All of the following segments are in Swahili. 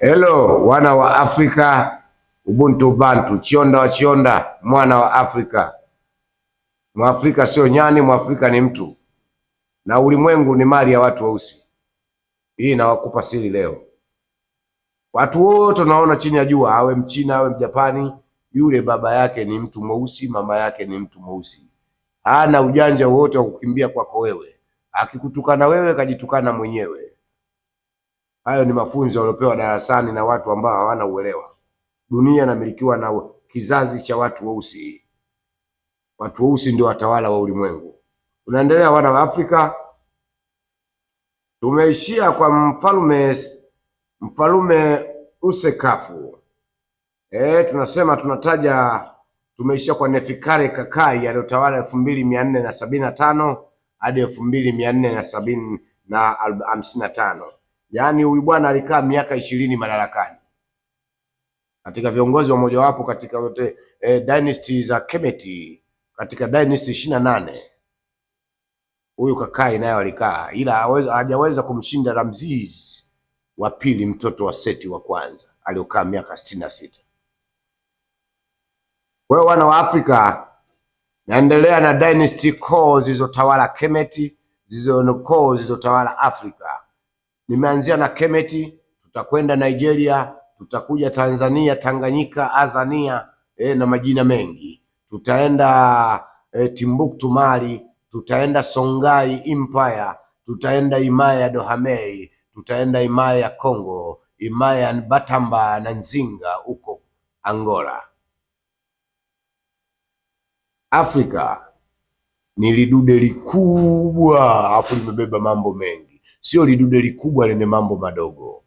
Hello wana wa Afrika, ubuntu bantu, chionda wa chionda, mwana wa Afrika. Mwafrika sio nyani, Mwafrika ni mtu, na ulimwengu ni mali ya watu weusi. Hii nawakupa siri leo. Watu wote unaona chini ya jua, awe Mchina awe Mjapani, yule baba yake ni mtu mweusi, mama yake ni mtu mweusi. Hana ujanja wote wa kukimbia kwako wewe. Akikutukana wewe, kajitukana mwenyewe. Hayo ni mafunzo waliopewa darasani na watu ambao hawana uelewa. Dunia inamilikiwa na kizazi cha watu weusi. Watu weusi ndio watawala wa ulimwengu. Unaendelea wana wa Afrika, tumeishia kwa mfalume mfalume Usekafu. E, tunasema tunataja, tumeishia kwa Nefikare Kakai aliyotawala elfu mbili mia nne na sabini na tano hadi elfu mbili mia nne na sabini na hamsini na tano Yaani huyu bwana alikaa miaka ishirini madarakani katika viongozi wa mojawapo katika wote, e, dynasty za Kemet katika dynasty ishirini na nane huyu Kakai naye alikaa, ila hajaweza kumshinda Ramses wa pili, mtoto wa Seti wa kwanza aliokaa miaka sitini na sita. Kwa hiyo wana wa Afrika, naendelea na dynasty koo zilizotawala Kemet, zilizotawala Afrika. Nimeanzia na Kemeti, tutakwenda Nigeria, tutakuja Tanzania, Tanganyika, Azania e, na majina mengi. Tutaenda e, Timbuktu Mali, tutaenda songai Empire, tutaenda himaya ya dohamei tutaenda himaya ya Congo, himaya ya Batamba na Nzinga huko Angola. Afrika ni lidude likubwa, afu limebeba mambo mengi sio lidude likubwa lenye mambo madogo.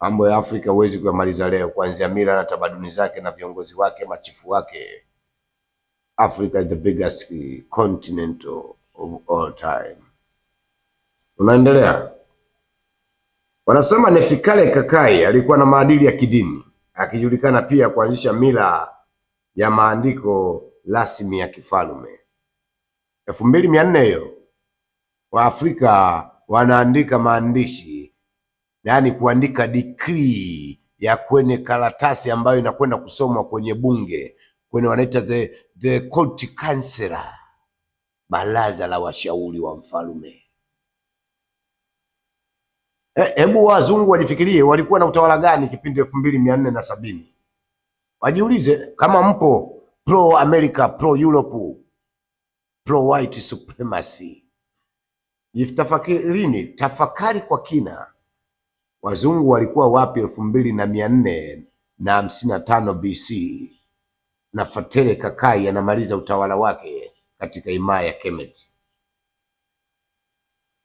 Mambo ya Afrika huwezi kuyamaliza leo, kuanzia mila na tamaduni zake na viongozi wake, machifu wake. Africa is the biggest continent of all time. Unaendelea, wanasema Nefikale Kakai alikuwa na maadili ya kidini, akijulikana pia kuanzisha mila ya maandiko rasmi ya kifalume. elfu mbili mia nne hiyo Waafrika wanaandika maandishi, yaani kuandika decree ya kwenye karatasi ambayo inakwenda kusomwa kwenye bunge, kwenye wanaita the, the court councilor, baraza la washauri wa mfalme. Eh, hebu wazungu wajifikirie, walikuwa na utawala gani kipindi elfu mbili mia nne na sabini? Wajiulize kama mpo pro America, pro Europe, pro white supremacy. Jitafakarini, tafakari kwa kina, wazungu walikuwa wapi elfu mbili na mia nne na hamsini na tano BC na Fatele Kakai anamaliza utawala wake katika himaya ya Kemet.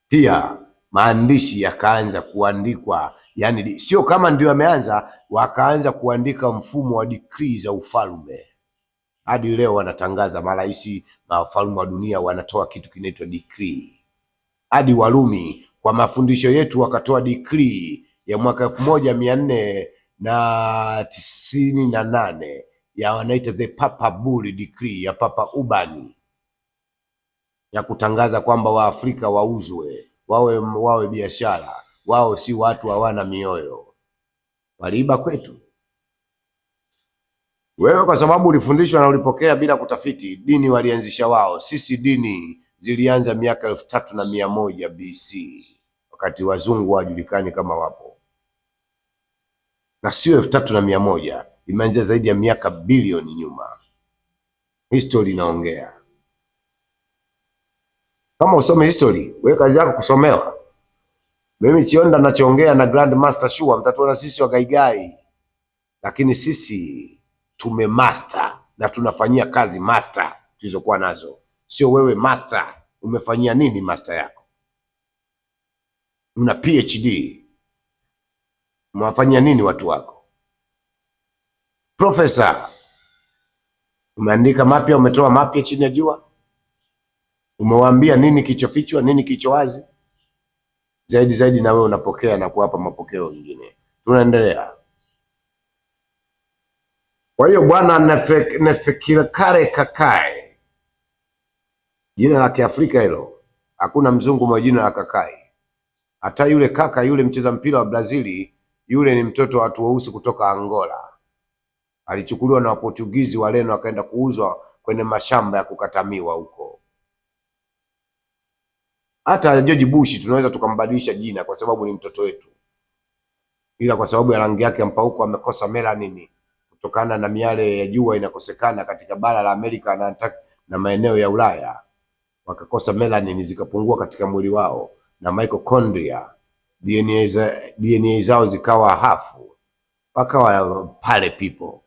Pia maandishi yakaanza kuandikwa, yani sio kama ndio yameanza, wakaanza kuandika mfumo wa decree za ufalume. Hadi leo wanatangaza, marais na wafalme wa dunia wanatoa kitu kinaitwa decree hadi Warumi kwa mafundisho yetu, wakatoa dikrii ya mwaka elfu moja mia nne na tisini na nane ya wanaita the Papa Bull decree ya Papa Urban ya kutangaza kwamba Waafrika wauzwe, wawe wawe biashara, wao si watu hawana mioyo. Waliiba kwetu. Wewe kwa sababu ulifundishwa na ulipokea bila kutafiti, dini walianzisha wao. Sisi dini zilianza miaka elfu tatu na mia moja BC wakati wazungu hawajulikani kama wapo, na sio elfu tatu na mia moja imeanzia zaidi ya miaka bilioni nyuma. History inaongea kama usome history, wewe kazi yako kusomewa. Mimi Chionda nachoongea na Grand Master Shua, mtatuona sisi wagaigai, lakini sisi tumemaster na tunafanyia kazi master tulizokuwa nazo, sio wewe master. Umefanyia nini master yako? Una PhD umewafanyia nini watu wako? Profesa, umeandika mapya, umetoa mapya chini ya jua? Umewaambia nini kichofichwa, nini kicho wazi? Zaidi zaidi na wewe unapokea na kuwapa mapokeo mengine. Tunaendelea. Kwa hiyo bwana nefikira kare kakae Jina la Kiafrika hilo, hakuna mzungu mwa jina la Kakai. Hata yule kaka yule mcheza mpira wa Brazili yule ni mtoto wa watu weusi kutoka Angola, alichukuliwa na Waportugizi Wareno akaenda kuuzwa kwenye mashamba ya kukatamiwa huko. Hata George Bush tunaweza tukambadilisha jina kwa sababu ni mtoto wetu, ila kwa sababu ya rangi yake ya mpauko amekosa melanin kutokana na miale ya jua inakosekana katika bara la Amerika na, na maeneo ya Ulaya wakakosa melanin zikapungua katika mwili wao na mitochondria DNA, za, DNA zao zikawa hafu, wakawa pale pipo,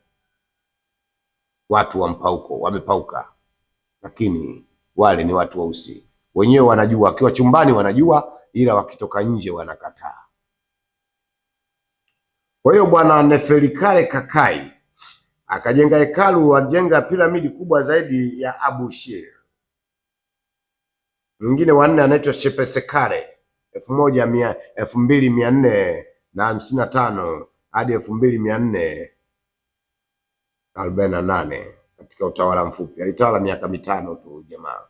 watu wa mpauko, wamepauka. Lakini wale ni watu weusi, wenyewe wanajua, wakiwa chumbani wanajua, ila wakitoka nje wanakataa. Kwa hiyo bwana Neferikare Kakai akajenga hekalu, wajenga piramidi kubwa zaidi ya Abushir mwingine wa nne anaitwa Shepesekare elfu moja mia elfu mbili mia nne na hamsini na tano hadi elfu mbili mia nne arobaini na nane katika utawala mfupi. Alitawala miaka mitano tu jamaa,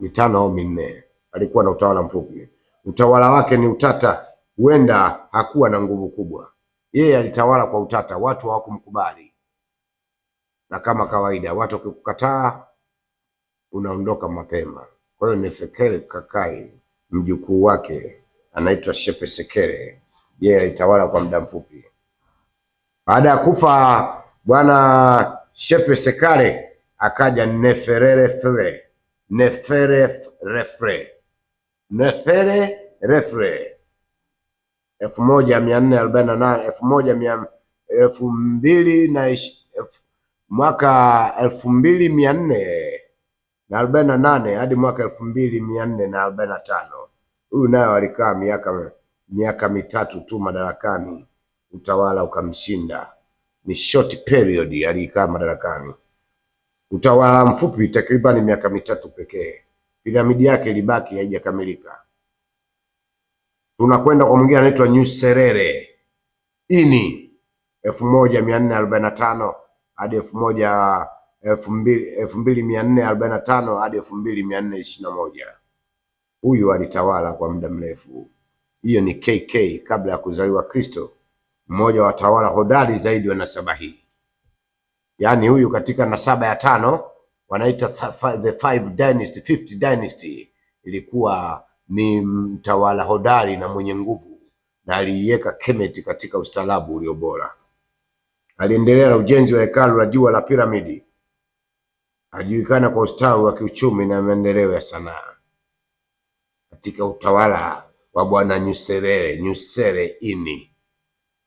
mitano au minne, alikuwa na utawala mfupi. Utawala wake ni utata, huenda hakuwa na nguvu kubwa. Yeye alitawala kwa utata, watu hawakumkubali, na kama kawaida watu wakikukataa unaondoka mapema. Kwa hiyo ni Fekere Kakai, mjukuu wake anaitwa Shepe Sekere, yeye alitawala kwa muda mfupi. Baada ya kufa bwana Shepe Sekare, akaja Refre, Nefere Refre elfu moja mia nne arobaini na nane elfu moja mia elfu mbili na mwaka elfu mbili mia nne na arobaini na nane hadi mwaka elfu mbili mia nne na arobaini na tano huyu nayo alikaa miaka miaka mitatu tu madarakani, utawala ukamshinda. Ni short period aliikaa madarakani, utawala mfupi, takribani miaka mitatu pekee. Piramidi yake ilibaki haijakamilika. Tunakwenda kwa mwingine anaitwa Nyusi Serere ini elfu moja mia nne arobaini na tano hadi elfu moja elfu mbili mia nne arobaini na tano hadi elfu mbili mia nne ishirini na moja. Huyu alitawala kwa muda mrefu. Hiyo ni KK kabla ya kuzaliwa Kristo, mmoja wa watawala hodari zaidi wa nasaba hii. Yaani huyu katika nasaba ya tano wanaita the five dynasty, fifth dynasty, ilikuwa ni mtawala hodari na mwenye nguvu, na aliiweka Kemet katika ustaarabu ulio bora. Aliendelea na ujenzi wa hekalu la jua la piramidi Anajulikana kwa ustawi wa kiuchumi na maendeleo ya sanaa katika utawala wa Bwana Nyusere Nyusere ini.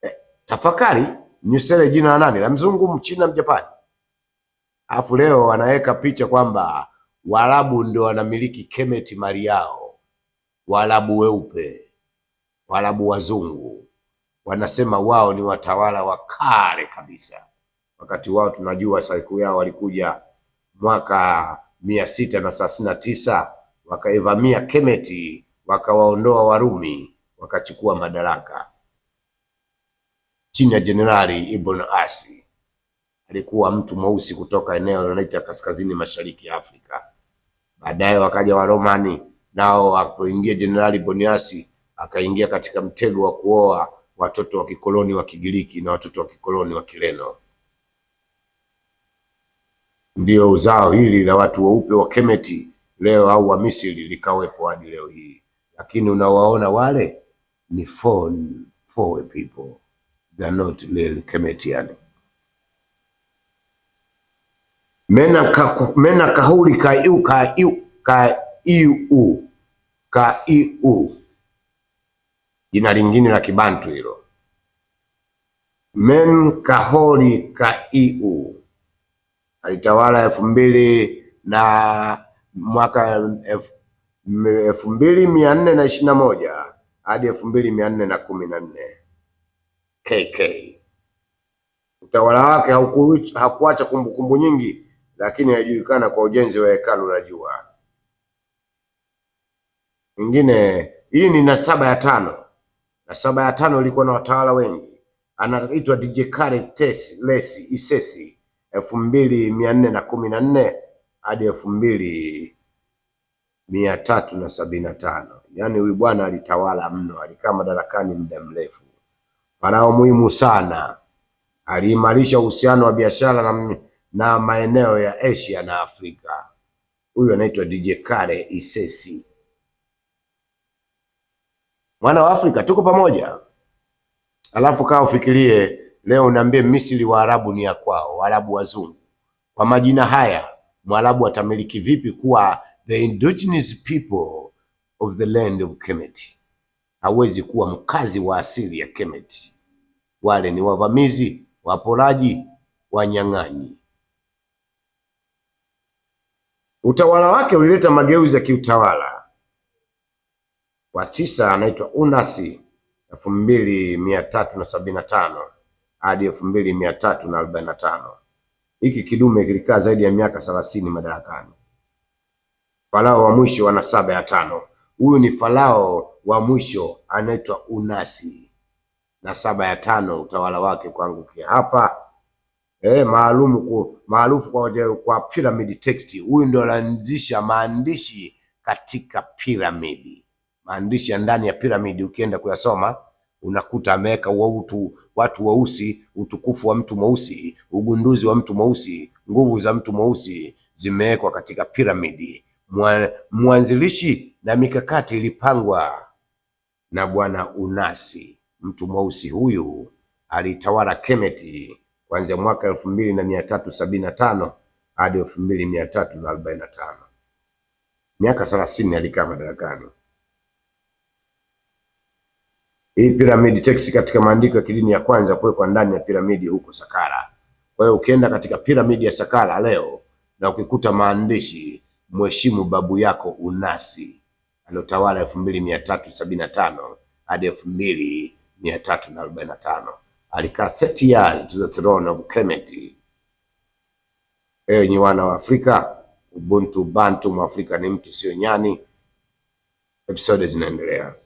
Eh, tafakari Nyusere jina la nani? La mzungu, mchina, mjapani? Alafu leo anaweka picha kwamba Waarabu ndio wanamiliki Kemet mali yao, Waarabu weupe, Waarabu wazungu wanasema wao ni watawala wa kale kabisa, wakati wao tunajua saiku yao walikuja mwaka mia sita na thelathini na tisa wakaivamia Kemeti wakawaondoa Warumi wakachukua madaraka chini ya Jenerali Ibn Asi. Alikuwa mtu mweusi kutoka eneo linaloitwa kaskazini mashariki ya Afrika. Baadaye wakaja Waromani nao, wapoingia Jenerali Boniasi akaingia katika mtego wa kuoa watoto wa kikoloni wa Kigiriki na watoto wa kikoloni wa Kireno ndio uzao hili la watu weupe wa Kemeti leo au wa Misri likawepo hadi leo hii, lakini unawaona wale ni foreign foreign people they are not real Kemetian. Mena ka mena kahuri ka iu ka iu ka iu ka iu, jina lingine la Kibantu hilo, men kahori ka iu alitawala elfu mbili na mwaka elfu mbili mia nne na ishirini na moja hadi elfu mbili mia nne na kumi na nne KK. Utawala wake hakuacha kumbukumbu nyingi, lakini anajulikana kwa ujenzi wa hekalu la jua. Ingine hii ni nasaba ya tano. Nasaba ya tano ilikuwa na watawala wengi, anaitwa DJ Khaled Tesi Lesi Isesi elfu mbili mia nne na kumi na nne hadi elfu mbili mia tatu na sabini na tano yaani huyu bwana alitawala mno, alikaa madarakani muda mrefu. Farao muhimu sana, aliimarisha uhusiano wa biashara na, na maeneo ya Asia na Afrika. Huyu anaitwa DJ Kale Isesi, mwana wa Afrika, tuko pamoja. Alafu kaa ufikirie Leo unaambie Misri Waarabu ni ya kwao, Waarabu wazungu. Kwa majina haya Mwarabu atamiliki vipi kuwa the indigenous people of the land of Kemet? Hawezi kuwa mkazi wa asili ya Kemet. Wale ni wavamizi, waporaji, wanyang'anyi. Utawala wake ulileta mageuzi ya kiutawala. Wa tisa anaitwa Unasi elfu mbili mia tatu na sabini na tano hadi elfu mbili mia tatu na arobaini na tano. Hiki kidume kilikaa zaidi ya miaka thelathini madarakani. Farao wa mwisho wa nasaba ya tano. Huyu ni farao wa mwisho anaitwa Unasi. Nasaba ya tano, utawala wake kuangukia hapa eh, maalumu maarufu kwa, kwa pyramid text. Huyu ndio alianzisha maandishi katika piramidi, maandishi ya ndani ya piramidi, ukienda kuyasoma unakuta ameweka utu watu weusi, utukufu wa mtu mweusi, ugunduzi wa mtu mweusi, nguvu za mtu mweusi zimewekwa katika piramidi. Mwanzilishi na mikakati ilipangwa na bwana Unasi. Mtu mweusi huyu alitawala Kemeti kuanzia mwaka elfu mbili na mia tatu sabini na tano hadi elfu mbili mia tatu na arobaini na tano miaka thelathini alikaa madarakani. Hii pyramid text katika maandiko ya kidini ya kwanza kuwekwa ndani ya piramidi huko Sakara. Kwa hiyo ukienda katika piramidi ya Sakara leo na ukikuta maandishi mheshimu babu yako unasi aliotawala elfu mbili mia tatu sabini na tano hadi elfu mbili mia tatu na arobaini na tano alikaa 30 years to the throne of Kemet. Ewe nyi wana wa Afrika, Ubuntu, Bantu, Mwafrika ni mtu sio nyani. Episode zinaendelea.